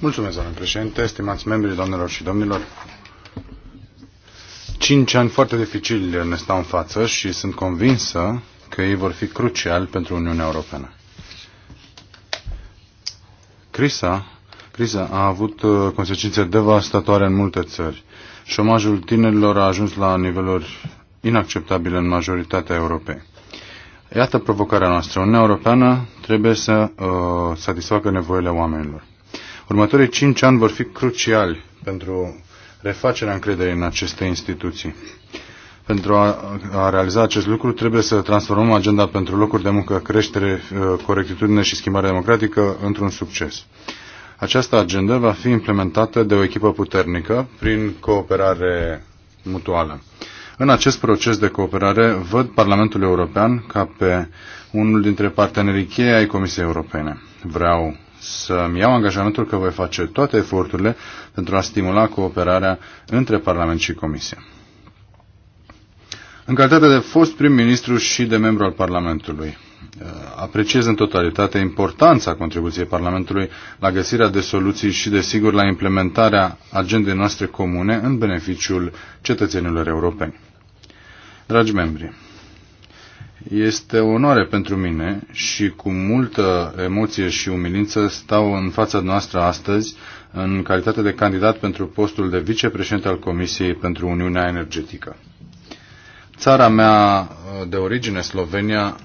Mulțumesc, doamnă președinte, stimați membri, doamnelor și domnilor. Cinci ani foarte dificili ne stau în față și sunt convinsă că ei vor fi cruciali pentru Uniunea Europeană. Criza, criza a avut uh, consecințe devastatoare în multe țări. Șomajul tinerilor a ajuns la niveluri inacceptabile în majoritatea Europei. Iată provocarea noastră. Uniunea Europeană trebuie să uh, satisfacă nevoile oamenilor. Următorii cinci ani vor fi cruciali pentru refacerea încrederii în aceste instituții. Pentru a, a realiza acest lucru trebuie să transformăm agenda pentru locuri de muncă, creștere, uh, corectitudine și schimbare democratică într-un succes. Această agenda va fi implementată de o echipă puternică prin cooperare mutuală. În acest proces de cooperare văd Parlamentul European ca pe unul dintre partenerii cheie ai Comisiei Europene. Vreau să-mi iau angajamentul că voi face toate eforturile pentru a stimula cooperarea între Parlament și Comisie. În calitate de fost prim-ministru și de membru al Parlamentului, Uh, apreciez în totalitate importanța contribuției Parlamentului la găsirea de soluții și, desigur, la implementarea agendei noastre comune în beneficiul cetățenilor europeni. Dragi membri, este o onoare pentru mine și cu multă emoție și umilință stau în fața noastră astăzi în calitate de candidat pentru postul de vicepreședinte al Comisiei pentru Uniunea Energetică. Țara mea uh, de origine, Slovenia,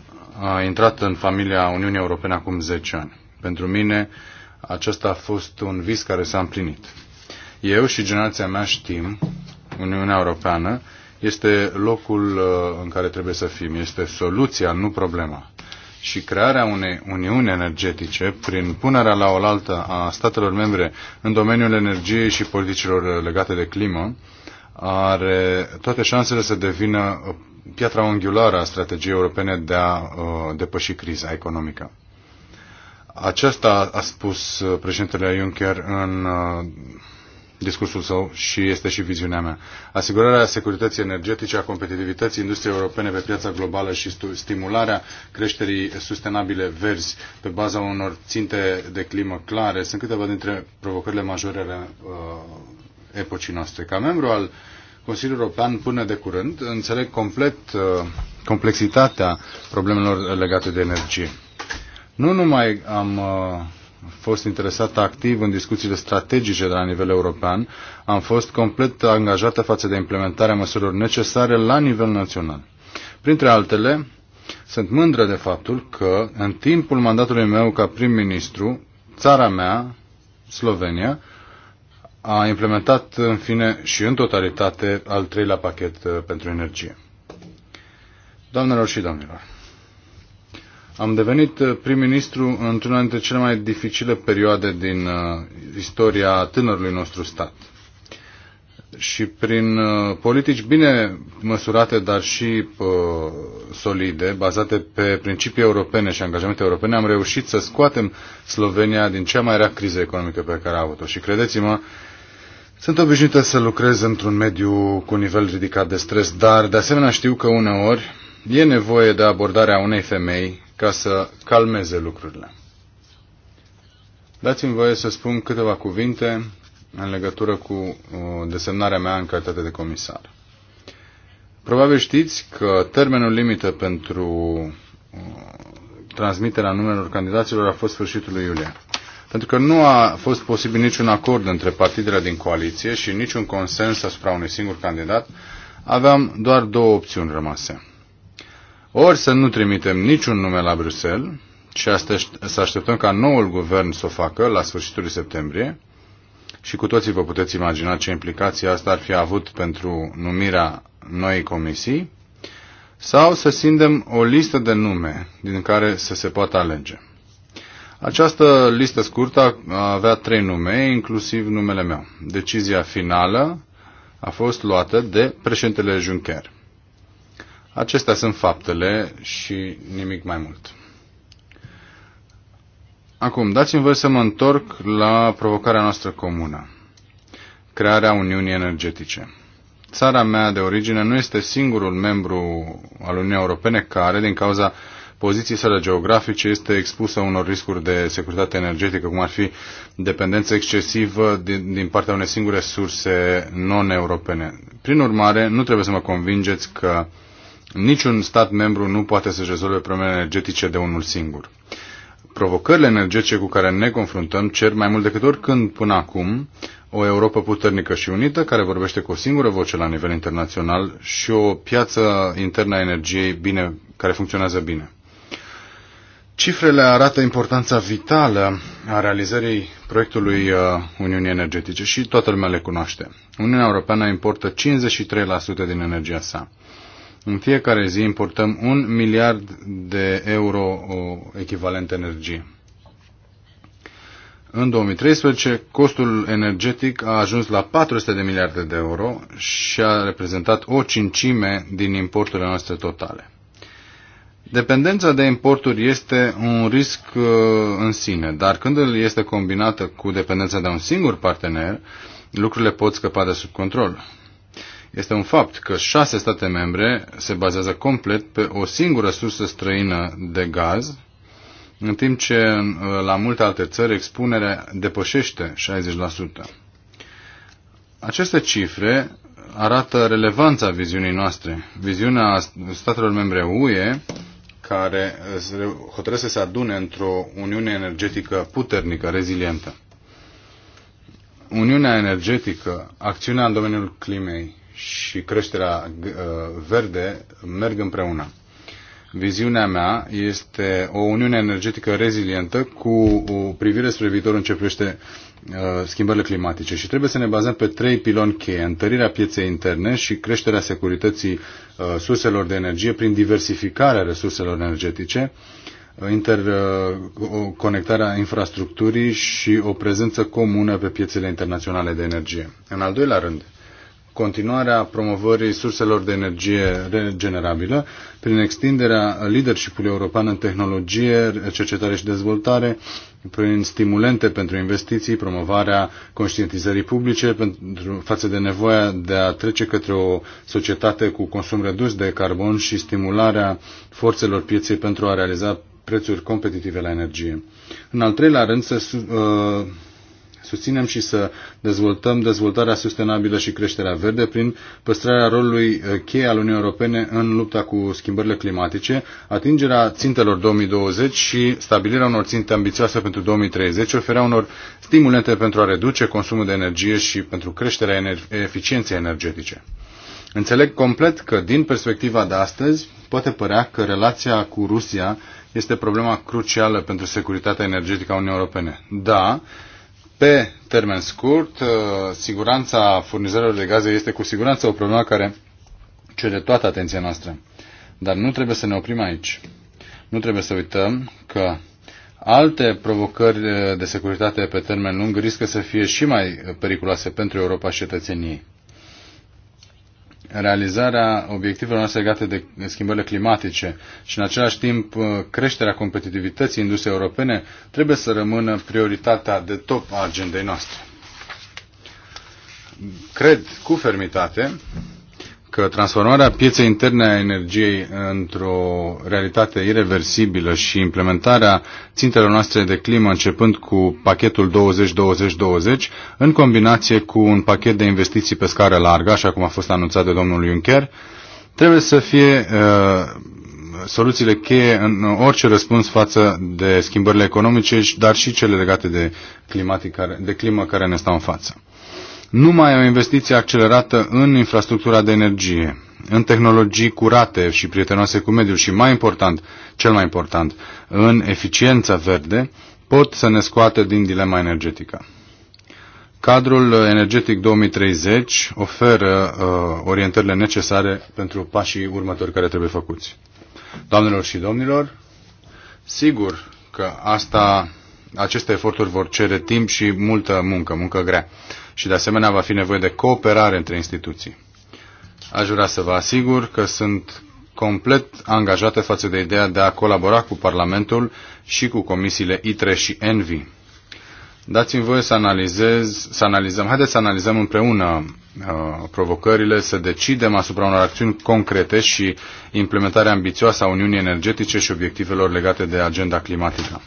a intrat în familia Uniunii Europene acum 10 ani. Pentru mine, acesta a fost un vis care s-a împlinit. Eu și generația mea știm, Uniunea Europeană este locul uh, în care trebuie să fim, este soluția, nu problema. Și crearea unei uniuni energetice, prin punerea la oaltă a statelor membre în domeniul energiei și politicilor legate de climă, are toate șansele să devină piatra unghiulară a strategiei europene de a uh, depăși criza economică. Aceasta a spus uh, președintele Juncker în uh, discursul său și este și viziunea mea. Asigurarea securității energetice, a competitivității industriei europene pe piața globală și stimularea creșterii sustenabile verzi pe baza unor ținte de climă clare sunt câteva dintre provocările majore ale uh, epocii noastre. Ca membru al uh, Consiliul European până de curând, înțeleg complet uh, complexitatea problemelor legate de energie. Nu numai am uh, fost interesat activ în discuțiile strategice de la nivel european, am fost complet angajată față de implementarea măsurilor necesare la nivel național. Printre altele, sunt mândră de faptul că în timpul mandatului meu ca prim-ministru, țara mea, Slovenia, a implementat în fine și în totalitate al treilea pachet uh, pentru energie. Doamnelor și domnilor, am devenit uh, prim-ministru într-una dintre cele mai dificile perioade din uh, istoria tânărului nostru stat. Și prin politici bine măsurate, dar și solide, bazate pe principii europene și angajamente europene, am reușit să scoatem Slovenia din cea mai rea criză economică pe care a avut-o. Și credeți-mă, sunt obișnuită să lucrez într-un mediu cu nivel ridicat de stres, dar de asemenea știu că uneori e nevoie de abordarea unei femei ca să calmeze lucrurile. Dați-mi voie să spun câteva cuvinte în legătură cu uh, desemnarea mea în calitate de comisar. Probabil știți că termenul limită pentru uh, transmiterea numelor candidaților a fost sfârșitul lui iulie pentru că nu a fost posibil niciun acord între partidele din coaliție și niciun consens asupra unui singur candidat, aveam doar două opțiuni rămase. Ori să nu trimitem niciun nume la Bruxelles și să așteptăm ca noul guvern să o facă la sfârșitul septembrie, și cu toții vă puteți imagina ce implicații asta ar fi avut pentru numirea noii comisii, sau să sindem o listă de nume din care să se poată alege. Această listă scurtă avea trei nume, inclusiv numele meu. Decizia finală a fost luată de președintele Juncker. Acestea sunt faptele și nimic mai mult. Acum, dați-mi voi să mă întorc la provocarea noastră comună, crearea Uniunii Energetice. Țara mea de origine nu este singurul membru al Uniunii Europene care, din cauza poziției sale geografice este expusă unor riscuri de securitate energetică, cum ar fi dependență excesivă din, din partea unei singure surse non-europene. Prin urmare, nu trebuie să mă convingeți că niciun stat membru nu poate să-și rezolve problemele energetice de unul singur. Provocările energetice cu care ne confruntăm cer mai mult decât oricând până acum o Europa puternică și unită care vorbește cu o singură voce la nivel internațional și o piață internă a energiei bine, care funcționează bine. Cifrele arată importanța vitală a realizării proiectului uh, Uniunii Energetice și toată lumea le cunoaște. Uniunea Europeană importă 53% din energia sa. În fiecare zi importăm un miliard de euro echivalent energie. În 2013, costul energetic a ajuns la 400 de miliarde de euro și a reprezentat o cincime din importurile noastre totale. Dependența de importuri este un risc uh, în sine, dar când el este combinată cu dependența de un singur partener, lucrurile pot scăpa de sub control. Este un fapt că șase state membre se bazează complet pe o singură sursă străină de gaz, în timp ce uh, la multe alte țări expunerea depășește 60%. Aceste cifre arată relevanța viziunii noastre. Viziunea statelor membre UE care hotărăsc să se adune într-o uniune energetică puternică, rezilientă. Uniunea energetică, acțiunea în domeniul climei și creșterea uh, verde merg împreună. Viziunea mea este o uniune energetică rezilientă cu o privire spre viitor în ce privește uh, schimbările climatice și trebuie să ne bazăm pe trei piloni cheie, întărirea pieței interne și creșterea securității uh, surselor de energie prin diversificarea resurselor energetice, uh, interconectarea infrastructurii și o prezență comună pe piețele internaționale de energie. În al doilea rând, continuarea promovării surselor de energie regenerabilă prin extinderea leadership-ului european în tehnologie, cercetare și dezvoltare, prin stimulente pentru investiții, promovarea conștientizării publice pentru, față de nevoia de a trece către o societate cu consum redus de carbon și stimularea forțelor pieței pentru a realiza prețuri competitive la energie. În al treilea rând, să uh, susținem și să dezvoltăm dezvoltarea sustenabilă și creșterea verde prin păstrarea rolului eh, cheie al Uniunii Europene în lupta cu schimbările climatice, atingerea țintelor 2020 și stabilirea unor ținte ambițioase pentru 2030, oferea unor stimulente pentru a reduce consumul de energie și pentru creșterea ener- eficienței energetice. Înțeleg complet că, din perspectiva de astăzi, poate părea că relația cu Rusia este problema crucială pentru securitatea energetică a Uniunii Europene. Da, pe termen scurt, uh, siguranța furnizărilor de gaze este cu siguranță o problemă care cere toată atenția noastră. Dar nu trebuie să ne oprim aici. Nu trebuie să uităm că alte provocări uh, de securitate pe termen lung riscă să fie și mai periculoase pentru Europa și cetățenii realizarea obiectivelor noastre legate de schimbările climatice și în același timp uh, creșterea competitivității industriei europene trebuie să rămână prioritatea de top a agendei noastre. Cred cu fermitate că transformarea pieței interne a energiei într-o realitate irreversibilă și implementarea țintelor noastre de climă începând cu pachetul 20-20-20 în combinație cu un pachet de investiții pe scară largă, așa cum a fost anunțat de domnul Juncker, trebuie să fie uh, soluțiile cheie în orice răspuns față de schimbările economice, dar și cele legate de, climatic, de climă care ne stau în față numai o investiție accelerată în infrastructura de energie, în tehnologii curate și prietenoase cu mediul și, mai important, cel mai important, în eficiența verde, pot să ne scoată din dilema energetică. Cadrul energetic 2030 oferă uh, orientările necesare pentru pașii următori care trebuie făcuți. Doamnelor și domnilor, sigur că asta aceste eforturi vor cere timp și multă muncă, muncă grea. Și de asemenea va fi nevoie de cooperare între instituții. Aș vrea să vă asigur că sunt complet angajată față de ideea de a colabora cu Parlamentul și cu comisiile ITRE și ENVI. Dați-mi voie să, analizez, să analizăm, haideți să analizăm împreună uh, provocările, să decidem asupra unor acțiuni concrete și implementarea ambițioasă a Uniunii Energetice și obiectivelor legate de agenda climatică.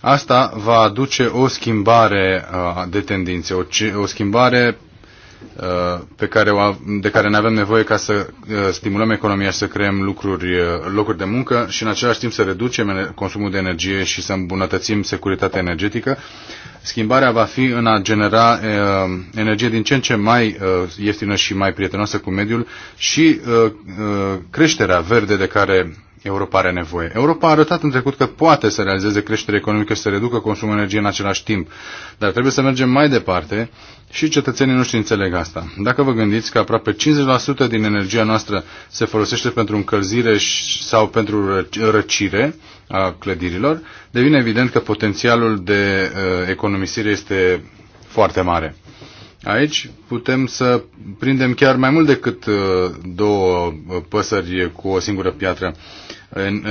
Asta va aduce o schimbare uh, de tendințe, o, schimbare uh, pe care o, de care ne avem nevoie ca să uh, stimulăm economia și să creăm lucruri, locuri de muncă și în același timp să reducem consumul de energie și să îmbunătățim securitatea energetică. Schimbarea va fi în a genera energie din ce în ce mai ieftină și mai prietenoasă cu mediul și creșterea verde de care Europa are nevoie. Europa a arătat în trecut că poate să realizeze creștere economică și să reducă consumul energiei în același timp, dar trebuie să mergem mai departe și cetățenii noștri înțeleg asta. Dacă vă gândiți că aproape 50% din energia noastră se folosește pentru încălzire sau pentru răcire a clădirilor, devine evident că potențialul de uh, economisire este foarte mare. Aici putem să prindem chiar mai mult decât uh, două uh, păsări cu o singură piatră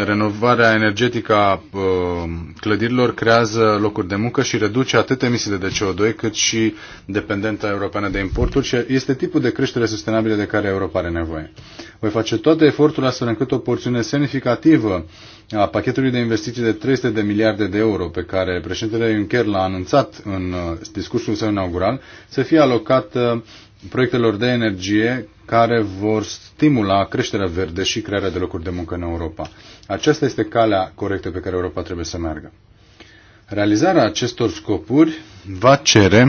renovarea energetică a uh, clădirilor creează locuri de muncă și reduce atât emisiile de CO2 cât și dependența europeană de importuri și este tipul de creștere sustenabilă de care Europa are nevoie. Voi face toate eforturile astfel încât o porțiune semnificativă a pachetului de investiții de 300 de miliarde de euro pe care președintele Juncker l-a anunțat în uh, discursul său inaugural să fie alocat uh, proiectelor de energie care vor stimula creșterea verde și crearea de locuri de muncă în Europa. Aceasta este calea corectă pe care Europa trebuie să meargă. Realizarea acestor scopuri va cere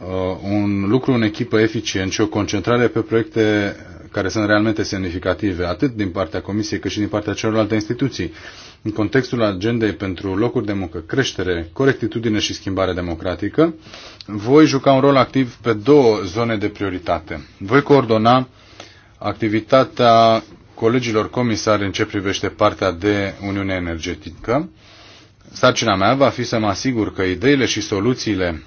uh, un lucru în echipă eficient și o concentrare pe proiecte care sunt realmente semnificative, atât din partea Comisiei cât și din partea celorlalte instituții, în contextul agendei pentru locuri de muncă, creștere, corectitudine și schimbare democratică, voi juca un rol activ pe două zone de prioritate. Voi coordona activitatea colegilor comisari în ce privește partea de Uniune Energetică. Sarcina mea va fi să mă asigur că ideile și soluțiile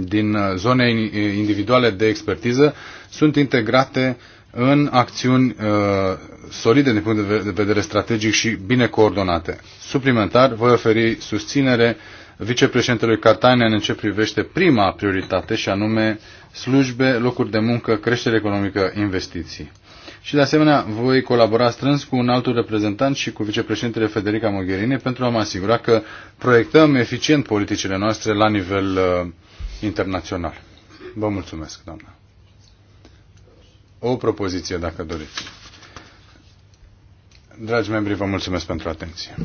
din uh, zone uh, individuale de expertiză sunt integrate în acțiuni uh, solide din punct de vedere strategic și bine coordonate. Suplimentar, voi oferi susținere vicepreședintelui Katainen în ce privește prima prioritate și anume slujbe, locuri de muncă, creștere economică, investiții. Și de asemenea voi colabora strâns cu un altul reprezentant și cu vicepreședintele Federica Mogherini pentru a mă asigura că proiectăm eficient politicile noastre la nivel uh, internațional. Vă mulțumesc, doamnă. O propoziție, dacă doriți. Dragi membri, vă mulțumesc pentru atenție.